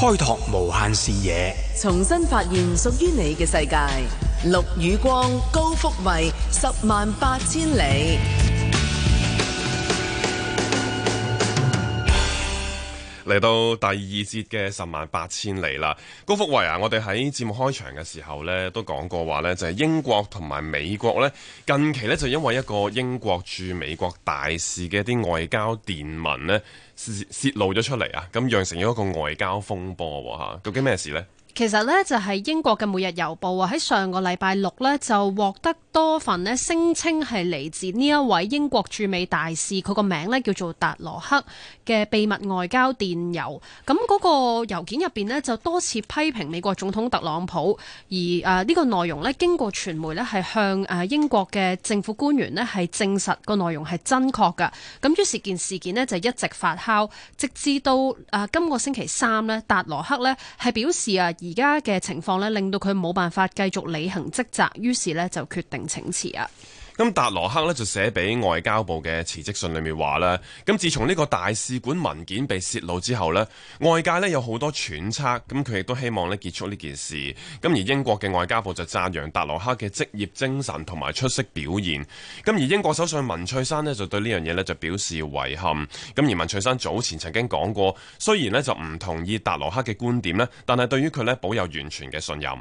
開拓無限視野，重新發現屬於你嘅世界。綠與光，高福慧，十萬八千里。嚟到第二節嘅十萬八千里啦，高福維啊，我哋喺節目開場嘅時候呢都講過話呢就係、是、英國同埋美國呢近期呢，就因為一個英國駐美國大使嘅一啲外交電文呢泄露咗出嚟啊，咁釀成咗一個外交風波嚇、啊，究竟咩事呢？其實呢，就係英國嘅每日郵報啊，喺上個禮拜六呢，就獲得多份呢聲稱係嚟自呢一位英國駐美大使，佢個名呢，叫做達羅克嘅秘密外交電郵。咁嗰個郵件入邊呢，就多次批評美國總統特朗普，而誒呢個內容呢，經過傳媒呢，係向誒英國嘅政府官員呢，係證實個內容係真確㗎。咁於是件事件呢，就一直發酵，直至到誒今個星期三呢，達羅克呢，係表示啊。而家嘅情況呢，令到佢冇辦法繼續履行職責，於是呢就決定請辭啊。咁達羅克呢，就寫俾外交部嘅辭職信裏面話啦，咁自從呢個大使館文件被泄露之後呢，外界呢有好多揣測，咁佢亦都希望呢結束呢件事。咁而英國嘅外交部就讚揚達羅克嘅職業精神同埋出色表現。咁而英國首相文翠珊呢，就對呢樣嘢呢就表示遺憾。咁而文翠珊早前曾經講過，雖然呢就唔同意達羅克嘅觀點呢，但係對於佢呢，保有完全嘅信任。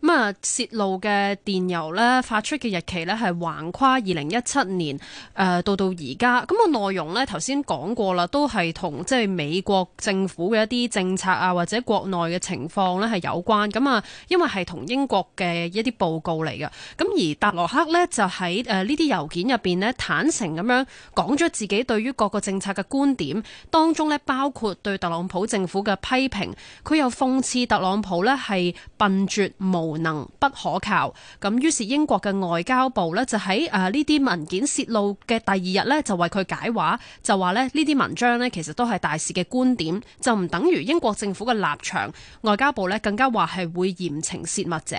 咁啊，泄露嘅電郵呢，發出嘅日期呢，係橫跨二零一七年誒、呃、到到而家，咁，那個內容咧，頭先講過啦，都係同即係美國政府嘅一啲政策啊，或者國內嘅情況咧係有關，咁啊，因為係同英國嘅一啲報告嚟嘅。咁而達羅克咧，就喺誒、呃、呢啲郵件入邊咧，坦誠咁樣講咗自己對於各個政策嘅觀點，當中咧，包括對特朗普政府嘅批評，佢又諷刺特朗普咧係笨拙無能不可靠。咁於是英國嘅外交部咧就喺啊！呢啲文件泄露嘅第二日呢，就為佢解話，就話呢呢啲文章呢，其實都係大使嘅觀點，就唔等於英國政府嘅立場。外交部呢，更加話係會嚴懲泄密者。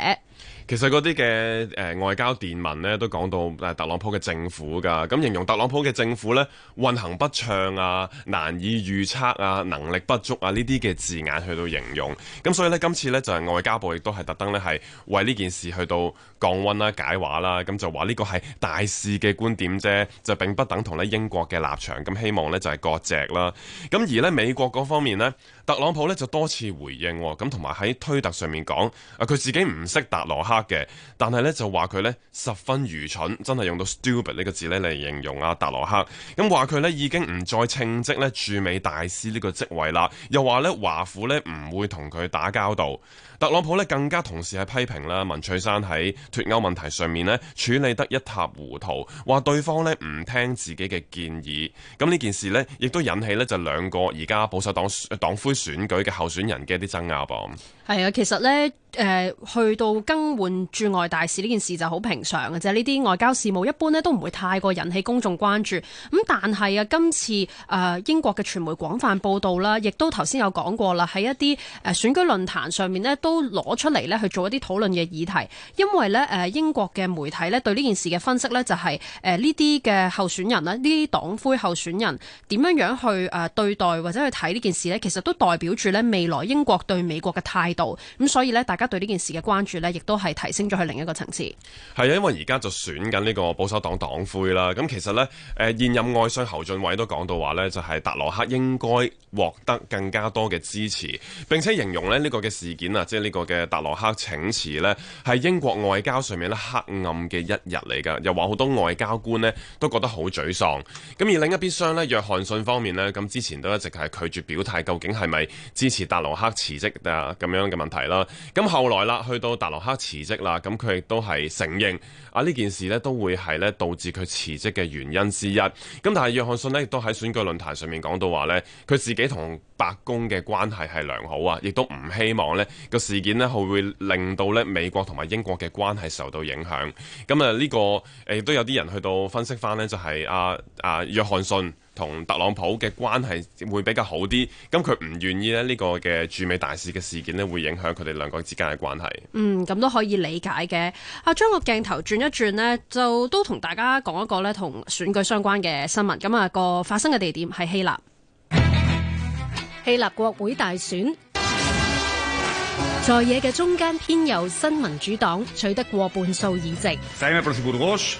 其實嗰啲嘅誒外交電文咧，都講到誒特朗普嘅政府噶，咁形容特朗普嘅政府呢，運行不暢啊、難以預測啊、能力不足啊呢啲嘅字眼去到形容，咁所以呢，今次呢就係外交部亦都係特登呢係為呢件事去到降溫啦、啊、解話啦、啊，咁就話呢個係大使嘅觀點啫，就並不等同呢英國嘅立場，咁希望呢就係割席啦，咁而呢美國嗰方面呢。特朗普咧就多次回應、哦，咁同埋喺推特上面講，啊佢自己唔識達羅克嘅，但係咧就話佢咧十分愚蠢，真係用到 stupid 呢個字咧嚟形容阿達羅克，咁話佢咧已經唔再稱職咧駐美大使呢個職位啦，又話咧華府咧唔會同佢打交道。特朗普咧更加同時係批評啦，文翠珊喺脫歐問題上面咧處理得一塌糊塗，話對方咧唔聽自己嘅建議。咁呢件事咧亦都引起咧就兩個而家保守黨黨魁選舉嘅候選人嘅一啲爭拗噃。係啊，其實呢，誒、呃，去到更換駐外大使呢件事就好平常嘅啫。呢啲外交事務一般呢都唔會太過引起公眾關注。咁但係啊，今次誒、呃、英國嘅傳媒廣泛報道啦，亦都頭先有講過啦，喺一啲誒選舉論壇上面呢都攞出嚟呢去做一啲討論嘅議題。因為呢，誒、呃、英國嘅媒體呢對呢件事嘅分析呢、就係，就、呃、係，誒呢啲嘅候選人咧，呢啲黨魁候選人點樣樣去誒對待或者去睇呢件事呢，其實都代表住呢未來英國對美國嘅態度。度咁、嗯，所以咧，大家對呢件事嘅關注咧，亦都係提升咗去另一個層次。係啊，因為而家就選緊呢個保守黨黨魁啦。咁其實呢，誒、呃、現任外相侯俊偉都講到話呢，就係、是、達羅克應該獲得更加多嘅支持。並且形容咧呢、這個嘅事件啊，即係呢個嘅達羅克請辭呢，係英國外交上面咧黑暗嘅一日嚟㗎。又話好多外交官呢，都覺得好沮喪。咁而另一邊廂呢，約翰遜方面呢，咁之前都一直係拒絕表態，究竟係咪支持達羅克辭職啊？咁樣。嘅問題啦，咁後來啦，去到達羅克辭職啦，咁佢亦都係承認啊，呢件事呢都會係，呢導致佢辭職嘅原因之一。咁但係約翰遜呢，亦都喺選舉論壇上面講到話呢，佢自己同白宮嘅關係係良好啊，亦都唔希望呢個事件呢會會令到呢美國同埋英國嘅關係受到影響。咁啊，呢個誒亦都有啲人去到分析返呢，就係啊啊約翰遜。同特朗普嘅關係會比較好啲，咁佢唔願意咧呢個嘅駐美大使嘅事件咧會影響佢哋兩個之間嘅關係。嗯，咁都可以理解嘅。啊，將個鏡頭轉一轉呢就都同大家講一個咧同選舉相關嘅新聞。咁啊，個發生嘅地點係希臘，希臘國會大選在野嘅中間偏右新民主黨取得過半數議席。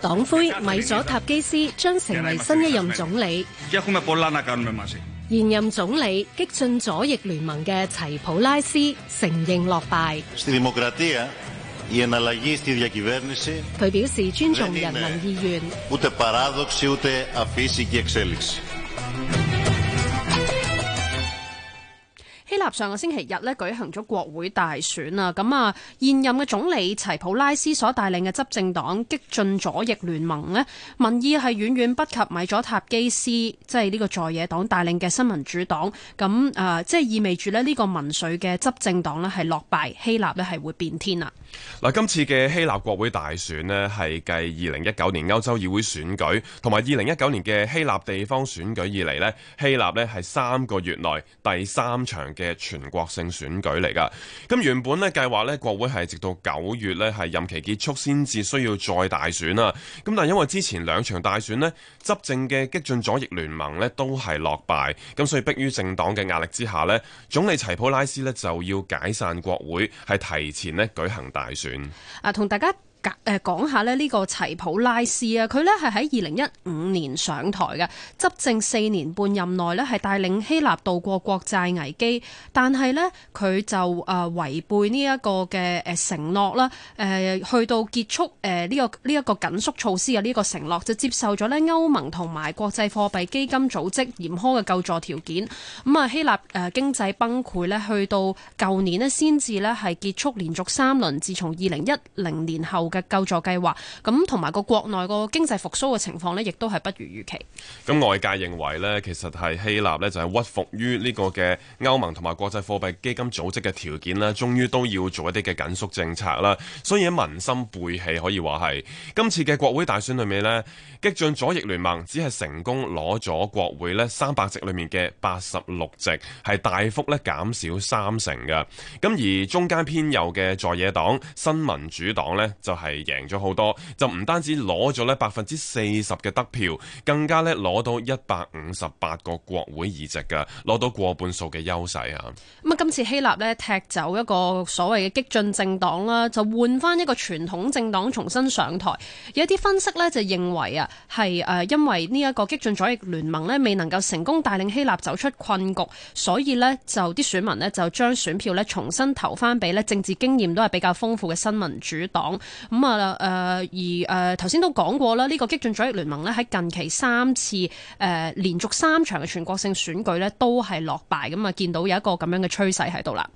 黨魁米佐塔基斯將成為新一任總理。現任總理激進左翼聯盟嘅齊普拉斯承認落敗。佢表示尊重人民意願。希臘上個星期日咧舉行咗國會大選啊，咁啊現任嘅總理齊普拉斯所帶領嘅執政黨激進左翼聯盟咧，民意係遠遠不及米佐塔基斯，即係呢個在野黨帶領嘅新民主黨，咁、呃、啊即係意味住咧呢個民粹嘅執政黨咧係落敗，希臘咧係會變天啦。嗱，今次嘅希臘國會大選咧係繼二零一九年歐洲議會選舉同埋二零一九年嘅希臘地方選舉以嚟咧，希臘咧係三個月內第三場嘅。嘅全國性選舉嚟㗎，咁原本呢計劃呢，國會係直到九月呢係任期結束先至需要再大選啦，咁但係因為之前兩場大選呢，執政嘅激進左翼聯盟呢都係落敗，咁所以迫於政黨嘅壓力之下呢，總理齊普拉斯呢就要解散國會，係提前呢舉行大選啊，同大家。格誒講下咧呢個齊普拉斯啊，佢呢係喺二零一五年上台嘅，執政四年半任內呢，係帶領希臘度過國債危機，但係呢，佢就誒違背呢一個嘅誒承諾啦，誒去到結束誒呢個呢一個緊縮措施嘅呢個承諾，就接受咗呢歐盟同埋國際貨幣基金組織嚴苛嘅救助條件。咁啊希臘誒經濟崩潰呢，去到舊年呢，先至呢係結束連續三輪，自從二零一零年後。嘅救助計劃，咁同埋個國內個經濟復甦嘅情況呢，亦都係不如預期。咁外界認為呢，其實係希臘呢，就係屈服於呢個嘅歐盟同埋國際貨幣基金組織嘅條件啦，終於都要做一啲嘅緊縮政策啦。所以喺民心背棄，可以話係今次嘅國會大選裏面呢，激進左翼聯盟只係成功攞咗國會呢三百席裏面嘅八十六席，係大幅咧減少三成嘅。咁而中間偏右嘅在野黨新民主黨呢，就係。係贏咗好多，就唔單止攞咗呢百分之四十嘅得票，更加呢攞到一百五十八個國會議席㗎，攞到過半數嘅優勢啊！咁啊，今次希臘呢踢走一個所謂嘅激進政黨啦，就換翻一個傳統政黨重新上台。有啲分析呢就認為啊，係誒因為呢一個激進左翼聯盟呢未能夠成功帶領希臘走出困局，所以呢就啲選民呢就將選票呢重新投翻俾呢政治經驗都係比較豐富嘅新民主黨。咁啊，誒、嗯呃、而誒頭先都講過啦，呢、這個激進左翼聯盟咧喺近期三次誒、呃、連續三場嘅全國性選舉咧，都係落敗，咁啊、嗯，見到有一個咁樣嘅趨勢喺度啦。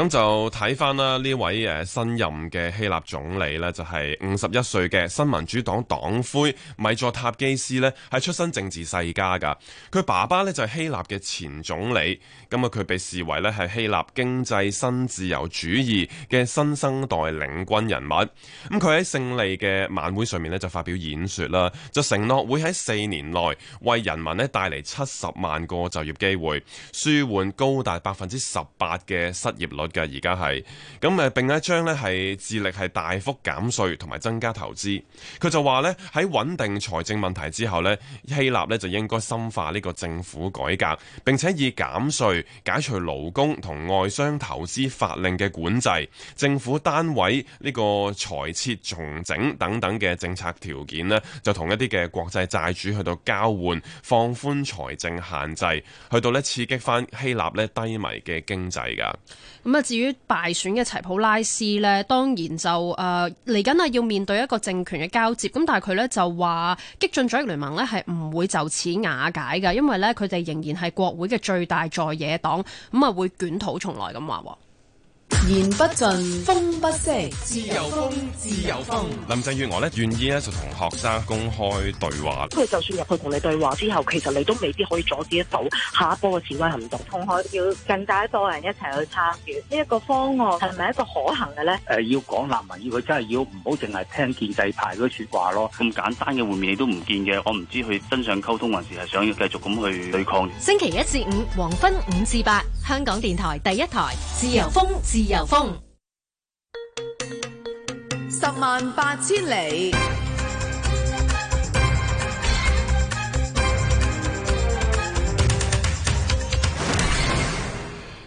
咁就睇翻啦，呢位誒新任嘅希臘總理呢就係五十一歲嘅新民主黨黨魁米佐塔基斯呢係出身政治世家噶。佢爸爸呢就係希臘嘅前總理，咁啊佢被視為咧係希臘經濟新自由主義嘅新生代領軍人物。咁佢喺勝利嘅晚會上面呢就發表演説啦，就承諾會喺四年內為人民咧帶嚟七十萬個就業機會，舒緩高達百分之十八嘅失業率。嘅而家係咁誒，並咧將咧係致力係大幅減稅同埋增加投資。佢就話咧喺穩定財政問題之後呢，希臘呢就應該深化呢個政府改革，並且以減稅、解除勞工同外商投資法令嘅管制、政府單位呢個裁撤重整等等嘅政策條件呢，就同一啲嘅國際債主去到交換放寬財政限制，去到呢，刺激翻希臘呢低迷嘅經濟㗎。咁啊，至於敗選嘅齊普拉斯呢，當然就誒嚟緊啊，呃、要面對一個政權嘅交接。咁但係佢呢就話，激進左翼聯盟呢係唔會就此瓦解嘅，因為呢，佢哋仍然係國會嘅最大在野黨，咁啊會捲土重來咁話。言不盡，風不息，自由風，自由風。林鄭月娥呢願意呢就同學生公開對話。佢就算入去同你對話之後，其實你都未必可以阻止得到下一波嘅示威行動。同學要更加多人一齊去參與呢一個方案，係咪一個可行嘅呢？誒、呃，要講納民，要佢真係要唔好淨係聽建制派嗰啲説話咯。咁簡單嘅會面你都唔見嘅，我唔知佢真相溝通，還是係想要繼續咁去對抗。星期一至五，黃昏五至八。香港電台第一台，自由風，自由風，十萬八千里。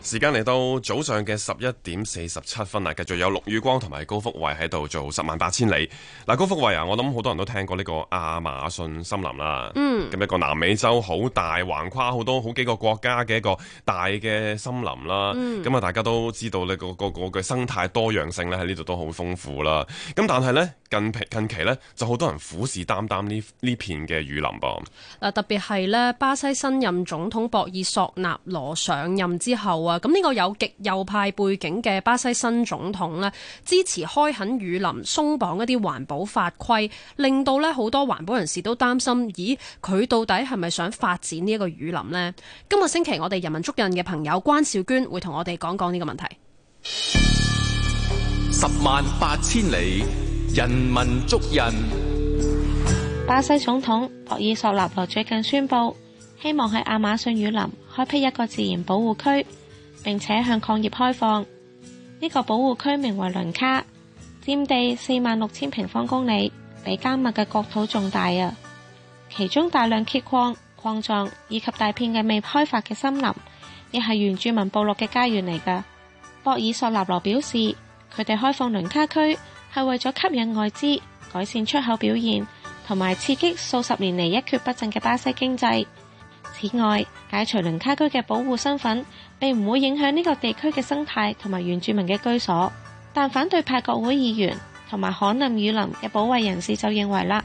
時間嚟到早上嘅十一點四十七分啦，繼續有陸宇光同埋高福慧喺度做十萬八千里。嗱，高福慧啊，我諗好多人都聽過呢個亞馬遜森林啦，咁、嗯、一個南美洲好大，橫跨好多好幾個國家嘅一個大嘅森林啦。咁啊、嗯，大家都知道呢、嗰個、嗰個、嗰個嘅生態多樣性咧喺呢度都好豐富啦。咁但係呢，近近期呢就好多人虎視眈眈呢呢片嘅雨林噃。特別係呢巴西新任總統博爾索納羅上任之後啊。咁呢個有極右派背景嘅巴西新總統呢，支持開墾雨林，鬆綁一啲環保法規，令到呢好多環保人士都擔心。「咦，佢到底係咪想發展呢一個雨林呢？」今個星期，我哋人文足印嘅朋友關少娟會同我哋講講呢個問題。十萬八千里，人文足印。巴西總統博爾索納羅最近宣布，希望喺亞馬遜雨林開闢一個自然保護區。並且向礦業開放呢個保護區，名為倫卡，佔地四萬六千平方公里，比加密嘅國土仲大啊。其中大量鐵礦礦藏以及大片嘅未開發嘅森林，亦係原住民部落嘅家園嚟㗎。博爾索納羅表示，佢哋開放倫卡區係為咗吸引外資、改善出口表現，同埋刺激數十年嚟一蹶不振嘅巴西經濟。此外，解除倫卡區嘅保護身份。並唔會影響呢個地區嘅生態同埋原住民嘅居所，但反對派國會議員同埋罕林雨林嘅保衛人士就認為啦，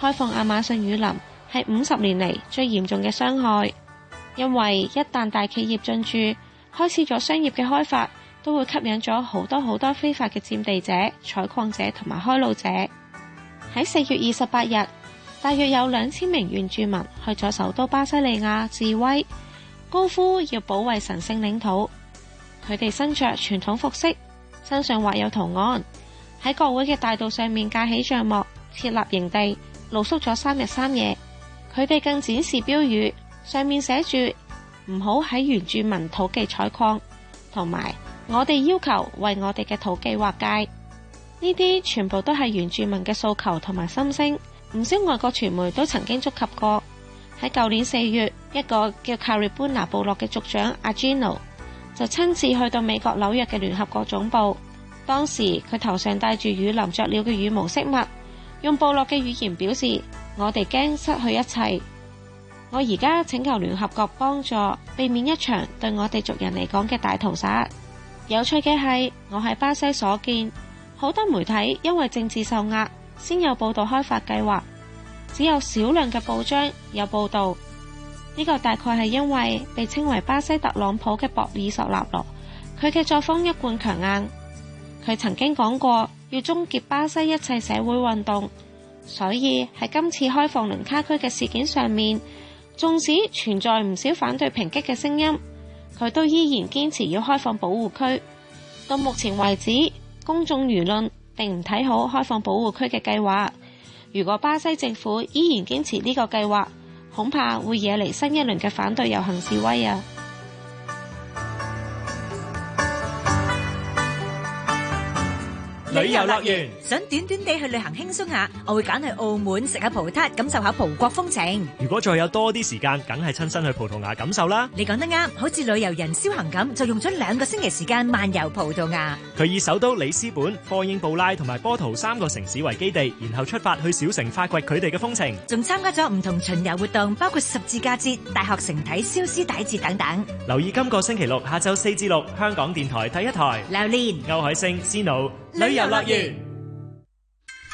開放亞馬遜雨林係五十年嚟，最嚴重嘅傷害，因為一旦大企業進駐，開始咗商業嘅開發，都會吸引咗好多好多非法嘅佔地者、採礦者同埋開路者。喺四月二十八日，大約有兩千名原住民去咗首都巴西利亞示威。高呼要保衛神聖領土，佢哋身着傳統服飾，身上畫有圖案，喺國會嘅大道上面架起帳幕，設立營地，露宿咗三日三夜。佢哋更展示標語，上面寫住唔好喺原住民土地採礦，同埋我哋要求為我哋嘅土地劃界。呢啲全部都係原住民嘅訴求同埋心聲，唔少外國傳媒都曾經觸及過。喺舊年四月，一個叫卡瑞班拿部落嘅族長阿吉諾就親自去到美國紐約嘅聯合國總部。當時佢頭上戴住雨林啄鳥嘅羽毛飾物，用部落嘅語言表示：我哋驚失去一切。我而家請求聯合國幫助，避免一場對我哋族人嚟講嘅大屠殺。有趣嘅係，我喺巴西所見，好多媒體因為政治受壓，先有報道開發計劃。只有少量嘅報章有報道，呢個大概係因為被稱為巴西特朗普嘅博爾索納羅，佢嘅作風一貫強硬。佢曾經講過要終結巴西一切社會運動，所以喺今次開放倫卡區嘅事件上面，縱使存在唔少反對抨擊嘅聲音，佢都依然堅持要開放保護區。到目前為止，公眾輿論並唔睇好開放保護區嘅計劃。如果巴西政府依然堅持呢個計劃，恐怕會惹嚟新一輪嘅反對遊行示威啊。旅遊樂園，想短短地去旅行輕鬆下，我會揀去澳門食下葡撻，感受下葡國風情。如果再有多啲時間，梗係親身去葡萄牙感受啦。你講得啱，好似旅遊人消行咁，就用咗兩個星期時間漫遊葡萄牙。佢以首都里斯本、科英布拉同埋波圖三個城市為基地，然後出發去小城發掘佢哋嘅風情，仲參加咗唔同巡遊活動，包括十字架節、大學城睇燒絲帶節等等。留意今個星期六下晝四至六，香港電台第一台劉念歐海星思腦。旅遊樂園，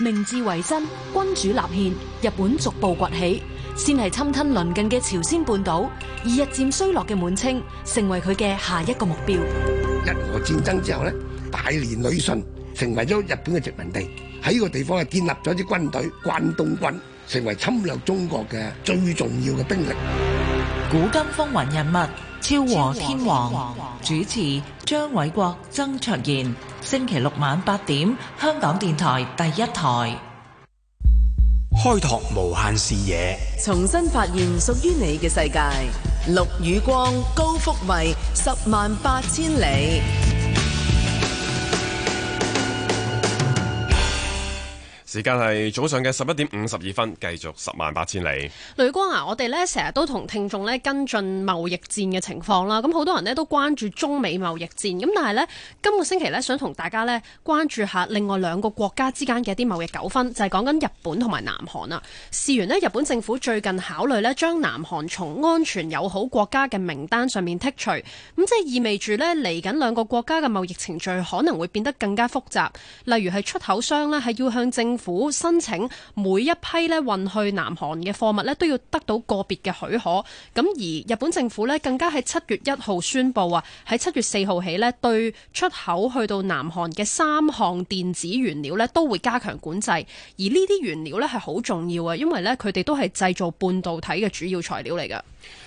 明治維新，君主立憲，日本逐步崛起，先係侵吞鄰近嘅朝鮮半島，而日漸衰落嘅滿清，成為佢嘅下一個目標。日俄戰爭之後咧，大連旅順成為咗日本嘅殖民地，喺呢個地方係建立咗一支軍隊，關東軍，成為侵略中國嘅最重要嘅兵力。古今風雲人物。超和天王主持張偉國、曾卓賢，星期六晚八點，香港電台第一台。開拓無限視野，重新發現屬於你嘅世界。綠宇光高幅微，十萬八千里。時間係早上嘅十一點五十二分，繼續十萬八千里。雷光啊，我哋呢成日都同聽眾呢跟進貿易戰嘅情況啦。咁好多人呢都關注中美貿易戰，咁但係呢，今個星期呢，想同大家呢關注下另外兩個國家之間嘅一啲貿易糾紛，就係講緊日本同埋南韓啦。事源呢，日本政府最近考慮呢將南韓從安全友好國家嘅名單上面剔除，咁即係意味住呢，嚟緊兩個國家嘅貿易程序可能會變得更加複雜，例如係出口商呢，係要向政府政府申請每一批咧運去南韓嘅貨物咧都要得到個別嘅許可，咁而日本政府咧更加喺七月一號宣布啊，喺七月四號起咧對出口去到南韓嘅三項電子原料咧都會加強管制，而呢啲原料咧係好重要嘅，因為咧佢哋都係製造半導體嘅主要材料嚟噶。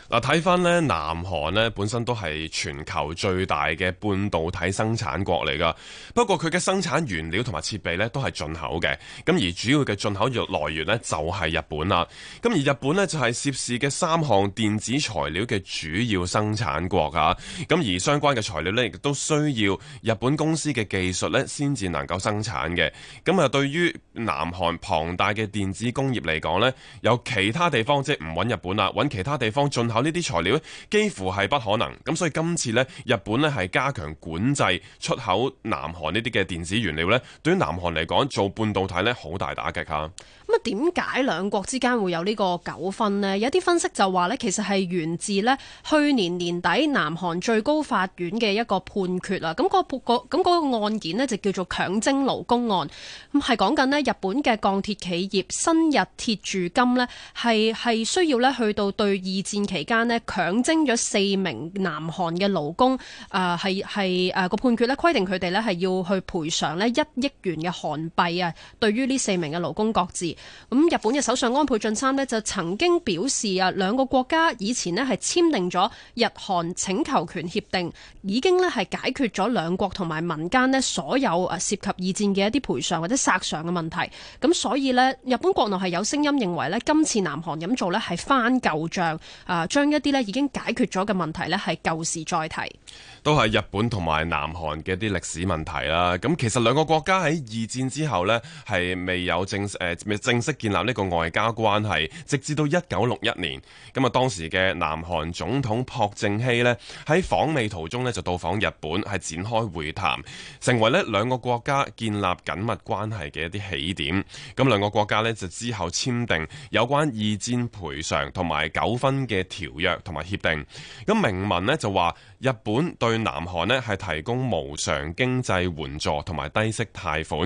嗱，睇翻，呢南韓呢，本身都係全球最大嘅半導體生產國嚟噶，不過佢嘅生產原料同埋設備呢，都係進口嘅，咁而主要嘅進口來源呢，就係日本啦，咁而日本呢，就係涉事嘅三項電子材料嘅主要生產國㗎，咁而相關嘅材料呢，亦都需要日本公司嘅技術呢，先至能夠生產嘅，咁啊對於南韓龐大嘅電子工業嚟講呢，有其他地方即係唔揾，日本啦，揾其他地方進口呢啲材料咧，幾乎係不可能。咁所以今次呢，日本呢係加強管制出口南韓呢啲嘅電子原料咧，對於南韓嚟講做半導體呢好大打擊啊！咁啊，點解兩國之間會有呢個糾紛呢？有啲分析就話呢，其實係源自呢去年年底南韓最高法院嘅一個判決啊。咁嗰個，咁嗰個案件呢，就叫做強徵勞工案。咁係講緊咧日本嘅鋼鐵企業新日鐵住金呢，係係需要呢去到對二。戰期間咧，強徵咗四名南韓嘅勞工。啊、呃，係係誒個判決咧，規定佢哋咧係要去賠償咧一億元嘅韓幣啊。對於呢四名嘅勞工各自咁，日本嘅首相安倍晉三咧就曾經表示啊，兩個國家以前咧係簽訂咗日韓請求權協定，已經咧係解決咗兩國同埋民間咧所有啊涉及二戰嘅一啲賠償或者索償嘅問題。咁所以咧，日本國內係有聲音認為咧，今次南韓咁做咧係翻舊賬。啊！將一啲咧已經解決咗嘅問題咧，係舊事再提。都係日本同埋南韓嘅一啲歷史問題啦。咁其實兩個國家喺二戰之後呢，係未有正誒未、呃、正式建立呢個外交關係，直至到一九六一年咁啊。當時嘅南韓總統朴正熙呢，喺訪美途中呢，就到訪日本，係展開會談，成為呢兩個國家建立緊密關係嘅一啲起點。咁兩個國家呢，就之後簽訂有關二戰賠償同埋糾紛嘅條約同埋協定。咁明文呢，就話。日本對南韓呢，係提供無償經濟援助同埋低息貸款，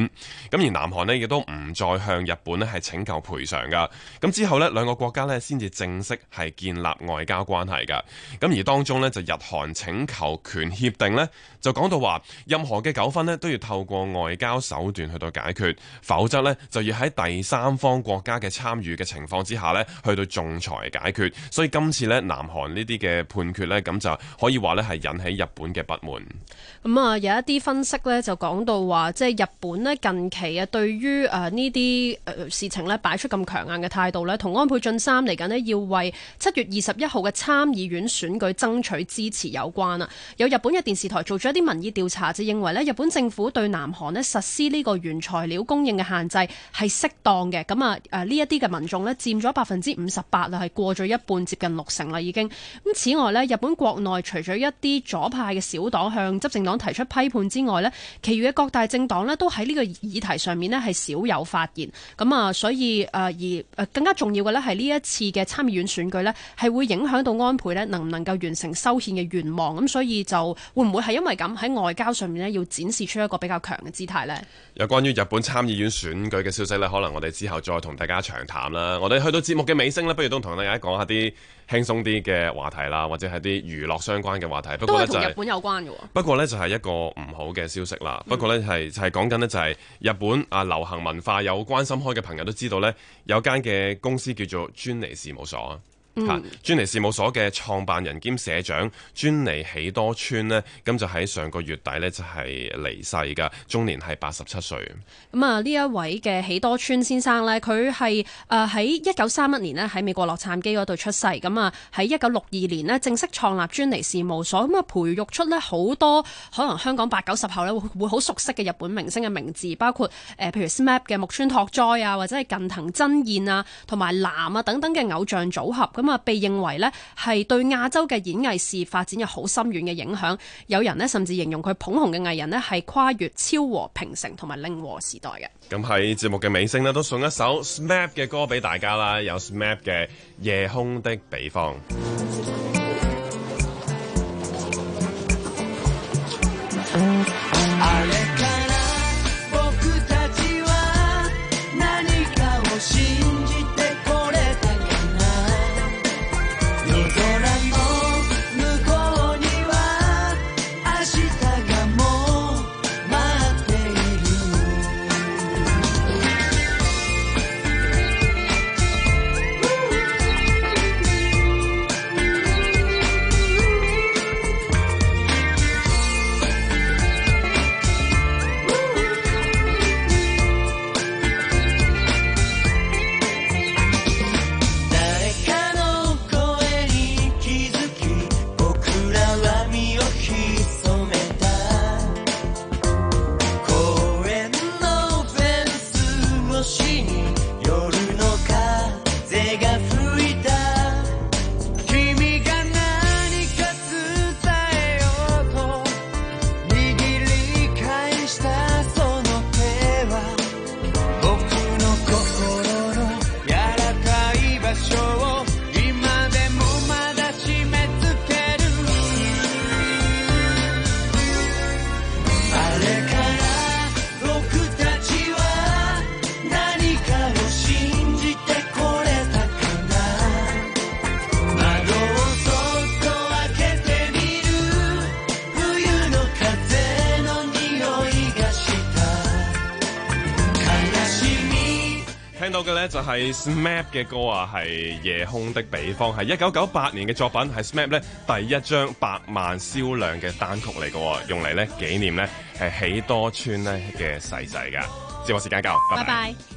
咁而南韓呢，亦都唔再向日本呢係請求賠償㗎。咁之後呢，兩個國家呢先至正式係建立外交關係㗎。咁而當中呢，就日韓請求權協定呢，就講到話任何嘅糾紛呢都要透過外交手段去到解決，否則呢就要喺第三方國家嘅參與嘅情況之下呢去到仲裁解決。所以今次呢，南韓呢啲嘅判決呢，咁就可以話呢。係引起日本嘅不滿。咁啊、嗯，有一啲分析呢，就講到話，即係日本咧近期啊，對於誒呢啲誒事情咧，擺出咁強硬嘅態度咧，同安倍晉三嚟緊咧要為七月二十一號嘅參議院選舉爭取支持有關啦。有日本嘅電視台做咗一啲民意調查，就認為咧，日本政府對南韓咧實施呢個原材料供應嘅限制係適當嘅。咁啊誒呢一啲嘅民眾咧，佔咗百分之五十八啊，係過咗一半，接近六成啦已經。咁此外咧，日本國內除咗一啲左派嘅小黨向執政黨提出批判之外呢，其餘嘅各大政黨咧都喺呢個議題上面咧係少有發言。咁、嗯、啊，所以誒、呃、而更加重要嘅呢係，呢一次嘅參議院選舉呢係會影響到安倍呢能唔能夠完成修憲嘅願望。咁所以就會唔會係因為咁喺外交上面呢要展示出一個比較強嘅姿態呢？有關於日本參議院選舉嘅消息呢，可能我哋之後再同大家詳談啦。我哋去到節目嘅尾聲呢，不如都同大家講下啲輕鬆啲嘅話題啦，或者係啲娛樂相關嘅話題。不過呢就係、係、日本有關嘅。不過呢就係一個唔好嘅消息啦。嗯、不過呢，係就係講緊呢，就係、係、日本啊流行文化有關心開嘅朋友都知道呢有間嘅公司叫做 Johnny 事務所。嗯、Johnny 事務所嘅創辦人兼社長、嗯、Johnny 喜多川呢咁就喺上個月底呢，就係離世噶，終年係八十七歲。咁啊呢一位嘅喜多川先生呢，佢係誒喺一九三一年呢，喺美國洛杉磯嗰度出世，咁啊喺一九六二年呢，正式創立 Johnny 事務所，咁啊培育出呢好多可能香港八九十後呢會好熟悉嘅日本明星嘅名字，包括誒、呃、譬如 SMAP 嘅木村拓哉啊，或者係近藤真彥啊，同埋嵐啊等等嘅偶像組合咁。咁啊，被認為咧係對亞洲嘅演藝事業發展有好深遠嘅影響。有人咧甚至形容佢捧紅嘅藝人咧係跨越昭和、平成同埋令和時代嘅。咁喺節目嘅尾聲咧，都送一首 SMAP 嘅歌俾大家啦，有 SMAP 嘅《夜空的彼方》。係 Smap 嘅歌啊，係夜空的彼方，係一九九八年嘅作品，係 Smap 咧第一張百萬銷量嘅單曲嚟嘅，用嚟咧紀念咧係喜多川咧嘅逝仔噶。節目時間夠，拜拜。Bye bye.